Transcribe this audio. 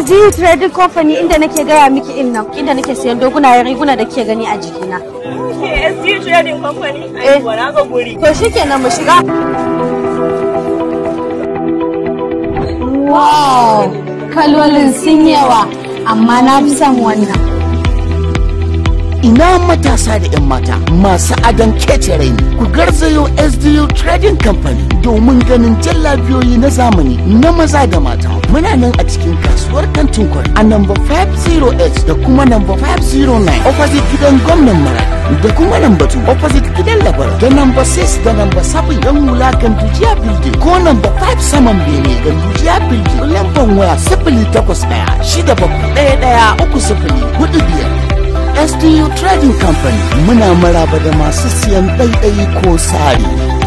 SD Trading Company inda nake gaya miki in nan inda nake sayan dogunayen riguna da ke gani a jikina. Okay, Trading Company. Eh, wana ga guri. To nan mu shiga. Wow, kalolin sun yawa amma na fi son wannan. ina matasa da 'yan mata masu adon kece ku garzayo SDU Trading Company domin ganin jallabiyoyi na zamani na maza da mata. muna nan a cikin kasuwar kantin kwari a number 508 da kuma number 509 opposite gidan gwamnan mara da kuma number 2 opposite gidan labar da number 6 da number 7 yan hula dujiya building ko number 5 saman bene dujiya building lambar waya 081 shida bakwai ɗaya ɗaya uku sifili hudu biyar SDU Trading Company muna maraba da masu siyan ɗaiɗai ko sari.